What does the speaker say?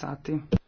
sati.